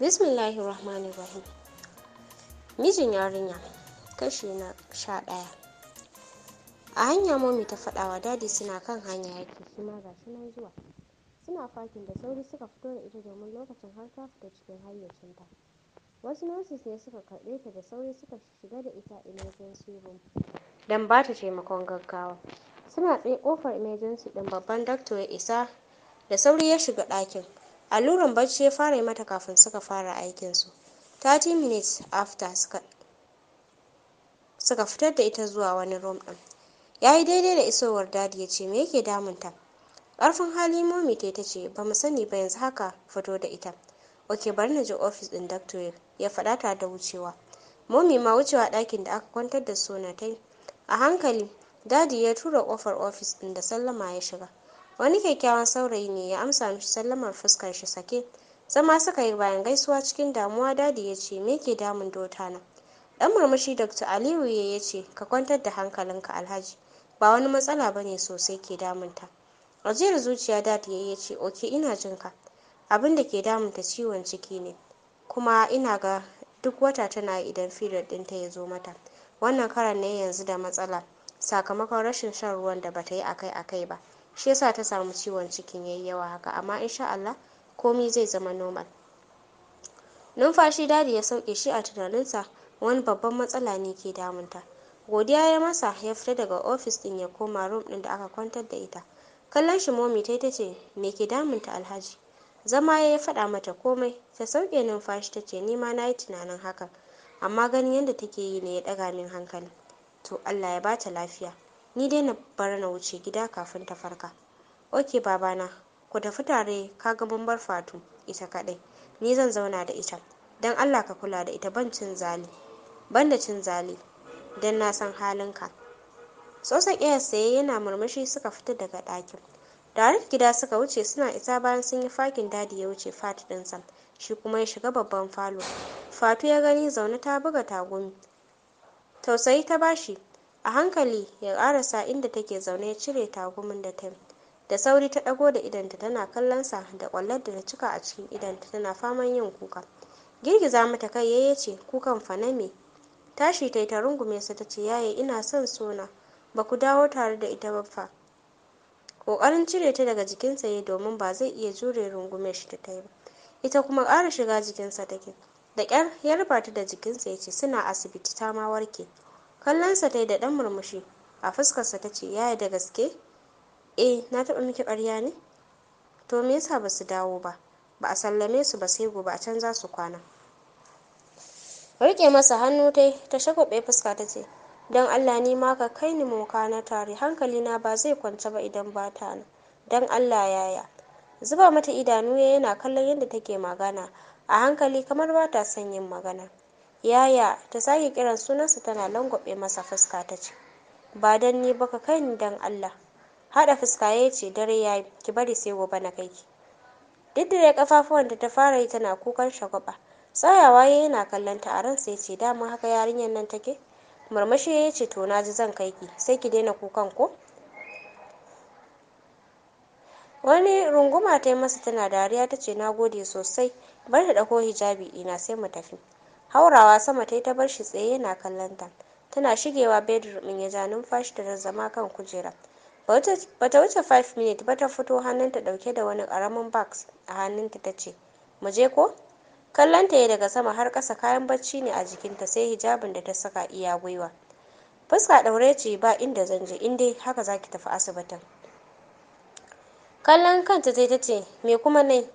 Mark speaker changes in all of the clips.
Speaker 1: bismillahi rahmani rahim mijin yarinya kashi na sha ɗaya a hanya momi ta faɗawa dadi suna kan hanya yake shi ma ga shi zuwa suna fakin da sauri suka fito da ita domin lokacin har ta fita cikin hayyacinta wasu nurses ne suka karɓe ta da sauri suka shiga da ita emergency room don ba ta taimakon gaggawa suna tsaye kofar emergency ɗin babban dakto ya isa da sauri ya shiga ɗakin alluran bacci ya fara yi mata kafin suka fara aikinsu 30 minutes after suka suka fitar da ita zuwa wani room ɗin ya yi daidai da isowar dadi ya ce me yake ta. ƙarfin hali momi ta ce ba mu sani ba yanzu haka fito da ita ok bari na je ofis ɗin doctor ya faɗa ta da wucewa momi ma wucewa ɗakin da aka kwantar da sonatai. ta a hankali dadi ya tura ƙofar ofis ɗin da sallama ya shiga wani kyakkyawan saurayi ne ya amsa mishi sallamar fuskar shi sake zama suka yi bayan gaisuwa cikin damuwa dadi ya ce me ke damun dotana? na dan murmushi dr aliyu ya ce ka kwantar da hankalinka alhaji ba wani matsala ba ne sosai ke damun ta ajiyar zuciya dad ya ce oke ina jin ka abin da ke ta ciwon ciki ne kuma ina ga duk wata tana idan period ɗinta ya zo mata wannan karan ne yanzu da matsala sakamakon rashin shan ruwan da bata yi akai-akai ba shi yasa ta samu ciwon cikin yayi yawa haka amma insha Allah komai zai zama normal numfashi dadi ya sauke shi a tunaninsa wani babban matsala ne ke damunta godiya ya masa ya fita daga ofis din ya koma room din da aka kwantar da ita kallon shi momi ta tace me ke damunta alhaji zama ya faɗa mata komai ta sauke numfashi tace ce ma nayi tunanin hakan amma ganin yadda take yi ne ya ɗaga min hankali to allah ya bata lafiya ni dai na bar na wuce gida kafin ta farka oke babana ku tafi tare ka ga mun fatu ita kaɗai ni zan zauna da ita don allah ka kula da ita ban cin zali ban da cin zali don na san halinka sosan iya saye yana murmushi suka fita daga ɗakin tare da gida suka wuce suna isa bayan sun yi fakin dadi ya wuce fatu ɗinsa shi kuma ya shiga babban falo fatu ya gani zaune ta buga tagumi tausayi ta bashi a hankali ya karasa inda take zaune ya cire tagumin da ta da sauri ta dago da idanta tana kallonsa da kwallon da ta cika a cikin idanta tana faman yin kuka girgiza mata kai yaye ce kukan fa na me tashi ta ta rungume sa tace ce yaye ina son sona ba ku dawo tare da ita ba fa ƙoƙarin cire ta daga jikinsa ya domin ba zai iya jure rungume shi ta yi ba ita kuma ƙara shiga jikinsa take da ƙyar ya rufa ta da jikinsa ya ce suna asibiti ta ma warke kallonsa ta yi da ɗan murmushi a fuskarsa ta ce yaya da gaske eh na taɓa miki ƙarya ne to me yasa ba su dawo ba ba a sallame su ba sai gobe a can za su kwana riƙe masa hannu ta ta shagwabe fuska ta ce don allah ni ma ka kai ni moka na tare na ba zai kwanta ba idan ba ta nan don allah yaya zuba mata idanu yana kallon yadda take magana a hankali kamar ba ta son yin magana yaya ta sake kiran sunansa tana langwabe masa fuska ta ce ba don ni baka ka kai ni don Allah hada fuska ya ce dare ya ki bari sai gobe na kai ki duk da kafafuwan da ta fara yi tana kukan shagwaba tsayawa ya yana kallon ta a ransa ya ce dama haka yarinyar nan take murmushi ya ce to na ji zan kai ki sai ki daina kukan ko wani runguma ta yi masa tana dariya ta ce na gode sosai barta da ɗauko hijabi ina sai mu tafi haurawa sama ta yi ta bar shi tsaye yana kallon ta tana shigewa bedroom ya ja numfashi da zama kan kujera bata wuce 5 minutes ba ta fito hannun ta dauke da wani karamin box a hannunta ta ce mu je ko kallon ta daga sama har kasa kayan bacci ne a jikinta sai hijabin da ta saka iya gwiwa fuska daure ce ba inda zan je in dai haka zaki tafi asibitin kallon kanta zai ta me kuma nai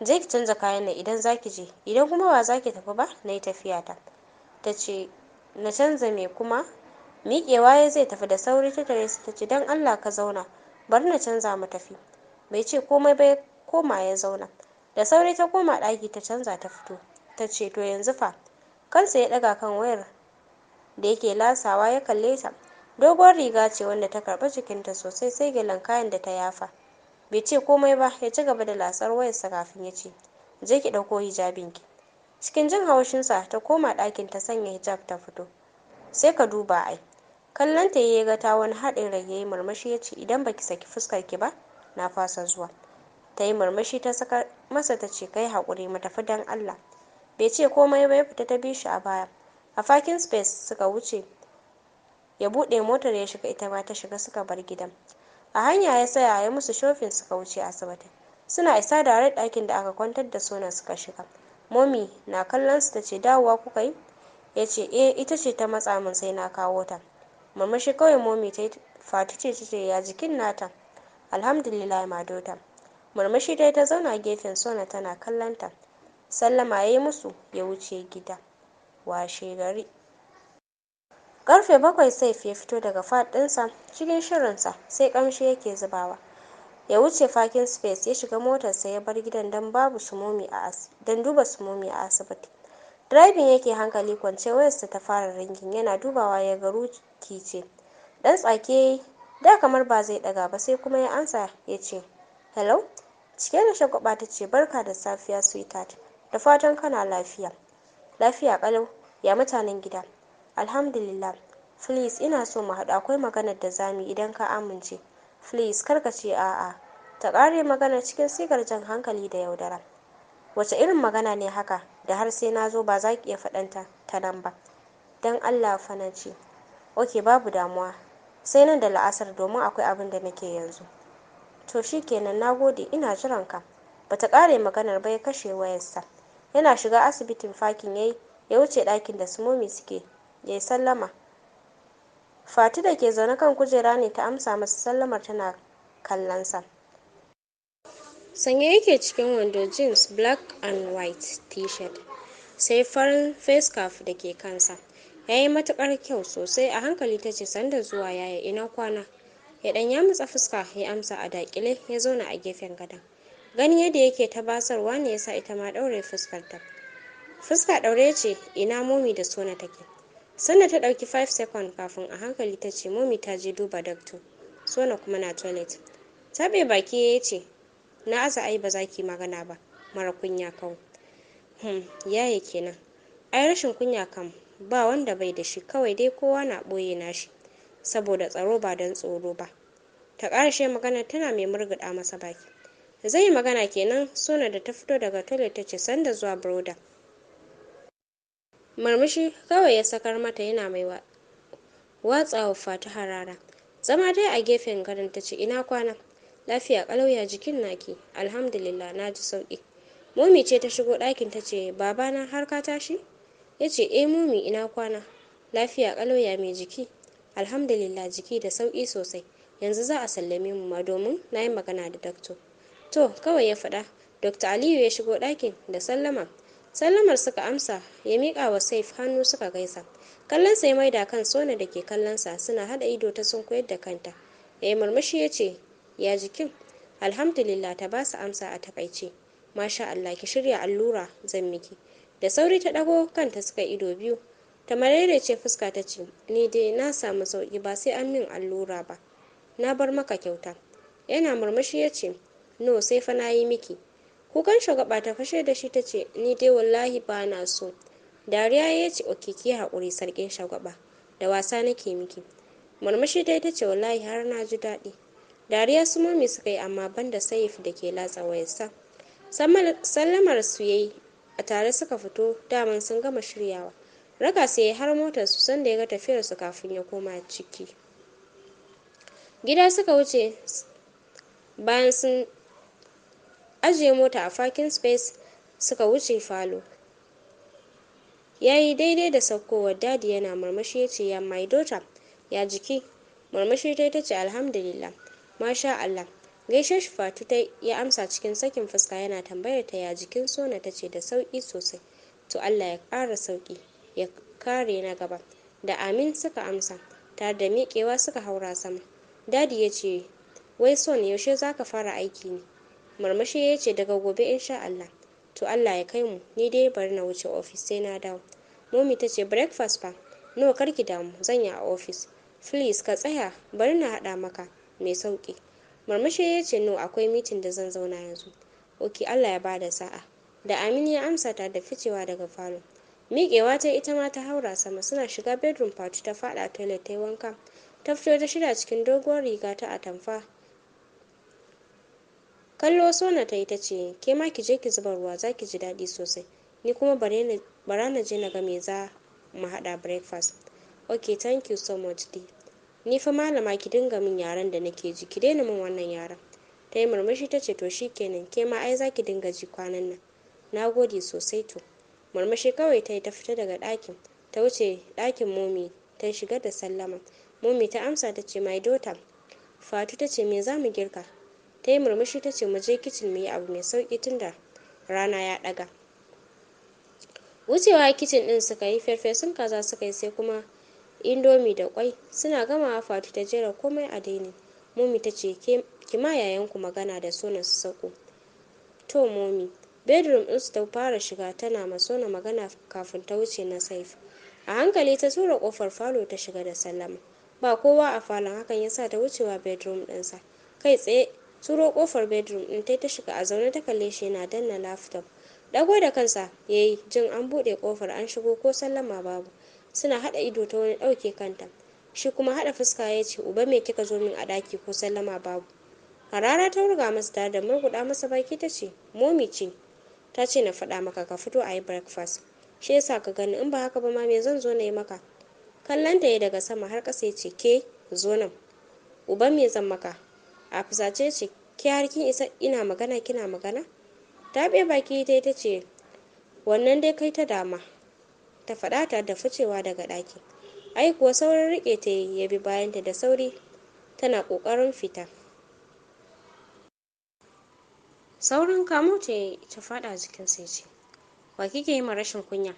Speaker 1: je ki canza kayan nan idan za ki je idan kuma ba za ki tafi ba na yi tafiya ta ta ce na canza me kuma miƙewa ya zai tafi da sauri ta tare su ta ce don allah ka zauna bari na canza mu tafi bai ce komai ba ya koma ya zauna da sauri ta koma ɗaki ta canza ta fito ta ce to yanzu fa kansa ya ɗaga kan wayar da yake lasawa ya kalle ta doguwar riga ce wanda ta karɓi jikinta sosai sai gilan kayan da ta yafa bai ce komai ba ya ci gaba da lasar wayarsa kafin ya ce je ki ɗauko ki cikin jin haushinsa ta koma ɗakin ta sanya hijab ta fito sai ka duba ai kallon ta ya ga ta wani haɗin rai yayi murmushi ya ce idan baki saki fuskar ki ba na fasa zuwa ta yi murmushi ta saka masa ta ce kai haƙuri mu tafi don allah bai ce komai ba ya fita ta bi shi a baya a fakin space suka wuce ya buɗe motar ya shiga ita ma ta shiga suka bar gidan a hanya ya tsaya ya musu shofin suka wuce asibitin suna isa da ɗakin da aka kwantar da suna suka shiga momi na kallon su tace dawowa kuka yi ya ce eh ita ce ta matsa min sai na kawo ta murmushi kawai momi ta fatu ce ta ce ya jikin nata alhamdulillah madota murmushi dai ta zauna gefen sona tana kallon ta sallama ya yi musu ya wuce gida washe gari Karfe bakwai sai ya fito daga fat sa cikin shirinsa sai kamshi yake zubawa. Ya wuce fakin space ya shiga motarsa ya bar gidan don babu sumomi a don duba sumomi a asibiti. Driving yake hankali kwance wayarsa ta fara ringin yana dubawa ya ga ruki ce. Dan tsake da kamar ba zai daga ba sai kuma ya ansa ya ce hello cike da shagwaba ta ce barka da safiya sweetheart da fatan kana lafiya lafiya ƙalau. ya mutanen gida alhamdulillah please ina so mu haɗu akwai maganar da zamu idan ka amince please kar ka ce a'a ta ƙare magana cikin sigar jan hankali da yaudara wace irin magana ne haka da har sai na zo ba za ki iya faɗanta ta nan ba don allah fa na ce ok babu damuwa sai nan da la'asar domin akwai abin da nake yanzu to shi kenan na gode ina jiran ka bata ƙare maganar ba ya kashe wayarsa yana shiga asibitin fakin yayi ya wuce ɗakin da sumomi suke ya yi sallama fati da ke zaune kan kujera ne ta amsa masa sallamar tana kallonsa sanye yake cikin wando jeans black and white t-shirt sai farin face da ke kansa ya yi matukar kyau sosai a hankali ta ce sanda zuwa yaya ina kwana ya dan ya matsa fuska ya amsa a dakile ya zauna a gefen gadon gani yadda yake ta basarwa ne yasa ita ma ɗaure fuskar ta fuska daure ce ina momi da sona take sannan ta ɗauki 5 second kafin a hankali ta ce momi ta je duba dakto sona kuma na toilet taɓe baki ya ce na asa ai ba za ki magana ba mara kunya kawo hmm yi kenan ai rashin kunya kam ba wanda bai da shi kawai dai kowa na ɓoye nashi saboda tsaro ba don tsoro ba ta ƙarashe magana tana mai murguɗa masa baki zai yi magana kenan sona da ta fito daga toilet ta ce sanda zuwa broda murmushi kawai ya sakar mata yana mai watsawa fata harara zama dai a gefen garin ta ce ina kwana lafiya kalauya jikin naki alhamdulillah na ji sauki mumi ce ta shigo ɗakin ta ce babana har ka tashi yace ce eh momi ina kwana lafiya kalauya mai jiki alhamdulillah jiki da sauki sosai yanzu za a sallame mu ma domin na yi magana da dakto to kawai ya faɗa dr aliyu ya shigo ɗakin da sallama sallamar suka amsa ya miƙa wa saif hannu suka gaisa kallon sai maida kan sona da ke kallonsa suna hada ido ta sun koyar da kanta ya murmushi ya ce ya jikin alhamdulillah ta ba su amsa a takaice masha allah ki shirya allura zan miki da sauri ta ɗago kanta suka ido biyu ta ce fuska ta ce ni dai na samu sauƙi ba sai an min allura ba na bar maka kyauta yana murmushi ya ce no sai fa na yi miki kukan shugaba ta fashe da shi ta ce ni dai wallahi ba na so dariya ya ce oke ki haƙuri sarkin shagwaba da wasa nake miki murmushi dai ta ce wallahi har na ji daɗi dariya su mami suka yi amma banda saif da ke latsa wayarsa sallamar su yayi a tare suka fito daman sun gama shiryawa raga sai ya har motar su sanda ya ga tafiyarsu kafin ya koma ciki gida suka wuce bayan sun ajiye mota a parking space suka wuce falo ya yi daidai da saukowar dadi yana murmushi ya ce ya my daughter ya jiki murmushi ta ta ce alhamdulillah masha Allah gaishe shi fatu ta ya amsa cikin sakin fuska yana tambayar ta ya jikin sona ta ce da sauki sosai to Allah ya kara sauki ya kare na gaba da amin suka amsa tare da miƙewa suka haura sama dadi ya ce wai son yaushe zaka fara aiki ne murmushi ya ce daga gobe insha Allah to Allah ya kai mu ni dai bari na wuce ofis sai na dawo momi ta ce breakfast fa no kar ki damu zan yi a ofis please ka tsaya bari na haɗa maka mai sauƙi murmushi ya ce no akwai mitin da zan zauna yanzu ok Allah ya bada sa'a da Amin ya amsa ta da ficewa daga falo. miƙewa ta ita ma ta haura sama suna shiga bedroom party ta faɗa toilet ta yi wanka ta fito ta shirya cikin doguwar riga ta atamfa kallo sona ta yi ta ce ke ma ki je ki zuba ruwa za ki ji daɗi sosai ni kuma bara na je na ga me za mu haɗa breakfast ok thank you so much dai ni fa malama ki dinga min yaren da nake ji ki daina min wannan yaren ta yi murmushi ta ce to shikenan ke ma ai za ki dinga ji kwanan nan na gode sosai to murmushi kawai ta yi ta fita daga ɗakin ta wuce dakin momi ta shiga da sallama momi ta amsa ta ce my daughter fatu ta ce me za mu girka ta yi murmushi ta ce mu je kicin mu yi abu mai sauƙi tunda rana ya ɗaga wucewa kicin ɗin suka yi farfesun kaza suka yi sai kuma indomi da kwai suna gamawa fatu ta jera komai a daini momi ta ce ki ma yayanku magana da suna su sako to momi bedroom din su ta fara shiga tana ma sona magana kafin ta wuce na saif a hankali ta tura kofar falo ta shiga da sallama ba kowa a falon hakan yasa ta wucewa bedroom ɗinsa kai tsaye turo kofar bedroom din yi ta shiga a zaune ta kalle shi yana danna laptop dago da kansa yayi jin an buɗe kofar an shigo ko sallama babu suna haɗa ido ta wani dauke kanta shi kuma haɗa fuska ya ce uba me kika zo min a daki ko sallama babu harara ta wurga masa tare da murguda masa baki ta ce momi ce ta ce na faɗa maka ka fito ayi yi breakfast shi yasa ka gani in ba haka ba ma me zan zo na yi maka kallon ta ya daga sama har kasa ya ce ke zo nan uba me zan maka a fusace ce ke har kin isa ina magana kina magana taɓe baki ta ta ce wannan dai kai ta dama ta faɗa ta da ficewa daga ɗaki ai kuwa saurin riƙe ta yi ya bi bayanta da sauri tana ƙoƙarin fita saurin kamo ta yi ta faɗa jikin sai ce wa kike yi ma rashin kunya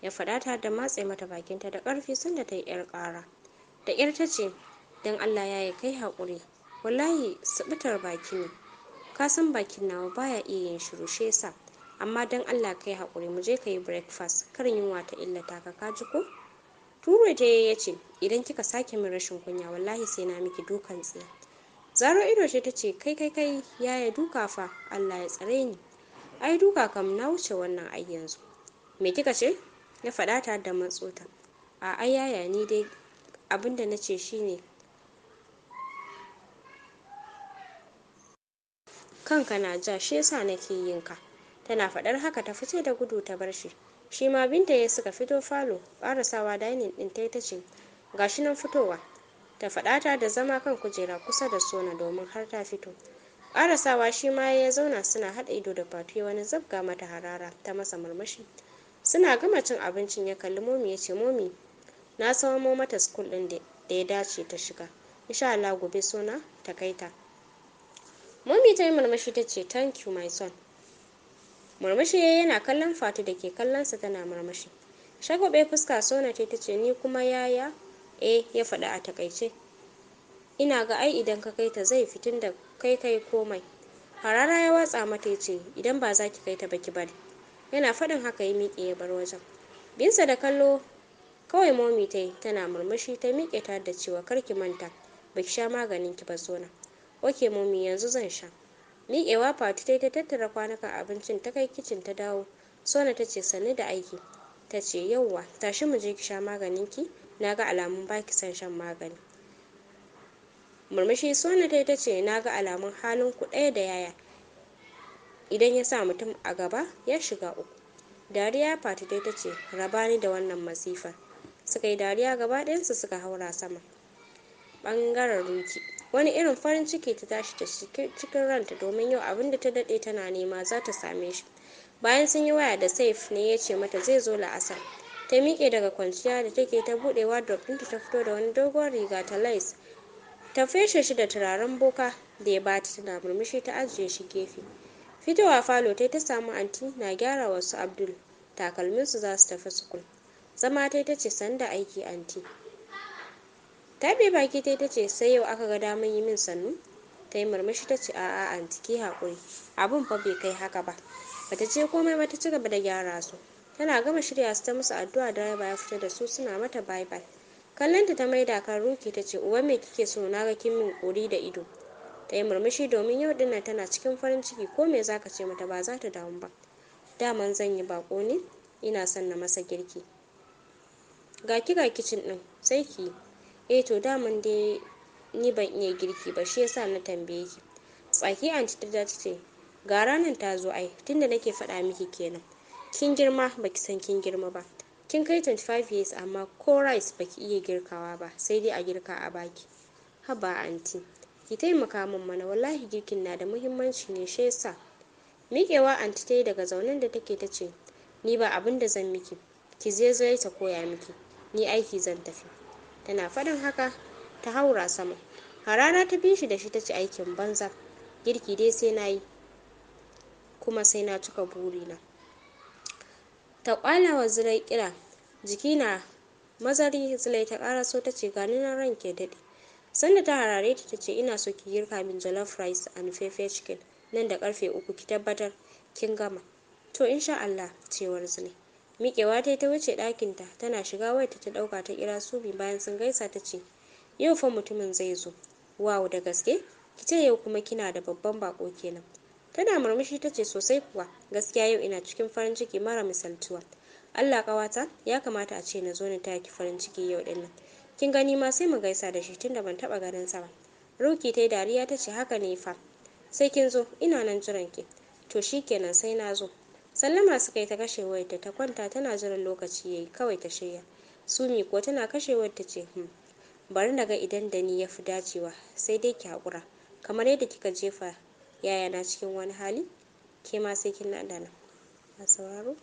Speaker 1: ya faɗa ta da matse mata bakinta da ƙarfi sanda ta yi 'yar ƙara da 'yar ta ce don allah ya yi kai haƙuri wallahi suɓutar baki ne ka san bakin nawa baya iya yin shiru shi sa, amma don Allah kai haƙuri mu je ka yi breakfast kar yunwa ta illata ka ka ji ko Ture ta ya ce idan kika sake min rashin kunya wallahi sai na miki dukan tsiya Zaro ido ce ta ce kai kai kai yaya duka fa Allah ya tsare ni ai duka kam na wuce wannan ai yanzu me kika ce Na faɗa ta da matsota a ai yaya ni dai abinda na ce shine kanka na ja shi yasa nake yin ka tana faɗar haka ta fice da gudu ta bar shi shi ma binta ya suka fito falo ƙarasawa dainin ɗin ta ta ce gashi nan fitowa ta faɗa ta da zama kan kujera kusa da sona domin har ta fito ƙarasawa shi ma ya zauna suna haɗa ido da fatuye wani zabga mata harara ta masa murmushi suna gama cin abincin ya kalli momi ya ce momi na samo mata skul ɗin da ya dace ta shiga insha Allah gobe suna ta kai ta Momi ta yi murmushi ta ce, Thank you, my son. Murmushi ya yana kallon Fatu da ke kallonsa tana murmushi. Shagwabe fuska sona ce ta ce, Ni kuma yaya? Eh, ya faɗa a takaice. Ina ga ai idan ka kai ta zai fitin da kai kai komai. Harara ya watsa mata ya ce, Idan ba za ki kai ta ba ki bari. Yana faɗin haka ya miƙe ya bar wajen. Binsa da kallo kawai momi ta yi tana murmushi ta miƙe ta da cewa kar ki manta baki sha maganin ki ba sona oke mummy yanzu zan sha miƙewa fati ta ta tattara kwanukan abincin ta kai kicin ta dawo sona ta ce sannu da aiki ta yauwa tashi mu je ki sha maganin ki na ga alamun baki son shan magani murmushi sona ta ta ce alamun halin ku daya da yaya idan ya sa mutum a gaba ya shiga uku dariya fati ta ce rabani da wannan masifar suka yi dariya gaba ɗayansu suka haura sama ɓangaren ruki wani irin farin ciki ta tashi ta cikin ranta domin yau abin da ta daɗe tana nema za ta same shi bayan sun yi waya da saif ne ya ce mata zai zo la'asar ta miƙe daga kwanciya da take ta buɗe wardrobe ɗinta ta fito da wani dogon riga ta lace ta feshe shi da turaren boka da ya bata tana murmushi ta ajiye shi gefe fitowa falo ta ta samu anti na gyara wasu abdul takalminsu za su tafi sukul zama ta ta ce sanda aiki anti tabe baki ta ta ce sai yau aka ga daman yi min sannu ta yi murmushi ta ce a'a anti ki haƙuri abun fa bai kai haka ba bata ce komai ba ta ci gaba da gyara su tana gama shirya su ta musu addu'a da direba ya fita da su suna mata bye bye kallonta ta mai kan ruki ta ce uwa me kike so na ga kin min kuri da ido ta yi murmushi domin yau dinnan tana cikin farin ciki ko me za ka ce mata ba za ta damu ba daman zan yi bako ne ina son na masa girki ga ki ga kicin din sai ki yi. eh to daman dai ni ban iya girki ba shi yasa na tambaye ki tsaki anti ta ja ce ga ranar ta zo ai tunda nake faɗa miki kenan kin girma baki san kin girma ba kin kai 25 years amma ko rice baki iya girkawa ba sai dai a girka a baki haba anti ki taimaka min mana wallahi girkin na da muhimmanci ne shi yasa miƙewa anti ta yi daga zaunen da take ta ce ni ba abin da zan miki ki zai ta koya miki ni aiki zan tafi tana faɗin haka ta haura sama harara ta bi shi da shi ta ci aikin banza girki dai sai na yi kuma sai na cika burina ta kwala wa zulai kira jiki na mazari zulai ta ƙara ta ce gani na ranke daɗe sanda ta harare ta ta ce ina so ki girka min jollof rice and pepper chicken nan da karfe uku ki tabbatar kin gama to insha Allah cewar zulai miƙewa ta ta wuce ɗakinta tana shiga wayarta ta ɗauka ta kira subi bayan sun gaisa ta ce yau fa mutumin zai zo wow da gaske ki ce yau kuma kina da babban bako kenan tana murmushi ta ce sosai kuwa gaskiya yau ina cikin farin ciki mara misaltuwa Allah ƙawata ya kamata a ce na zo na taya ki farin ciki yau din nan kin gani ma sai mu gaisa da shi tunda ban taɓa ganin sa ba Ruki ta yi dariya ta ce haka ne fa sai kin zo ina nan jiran ki to shikenan sai na zo sallama suka yi ta kashe wayarta ta kwanta tana jiran lokaci ya yi kawai ta shirya sumi kuwa tana kashe wayarta ce hmm bari na ga idan da ni ya fi dacewa sai dai ki haƙura kamar yadda kika jefa yayana cikin wani hali ke ma sai kin naɗa nan a sauraro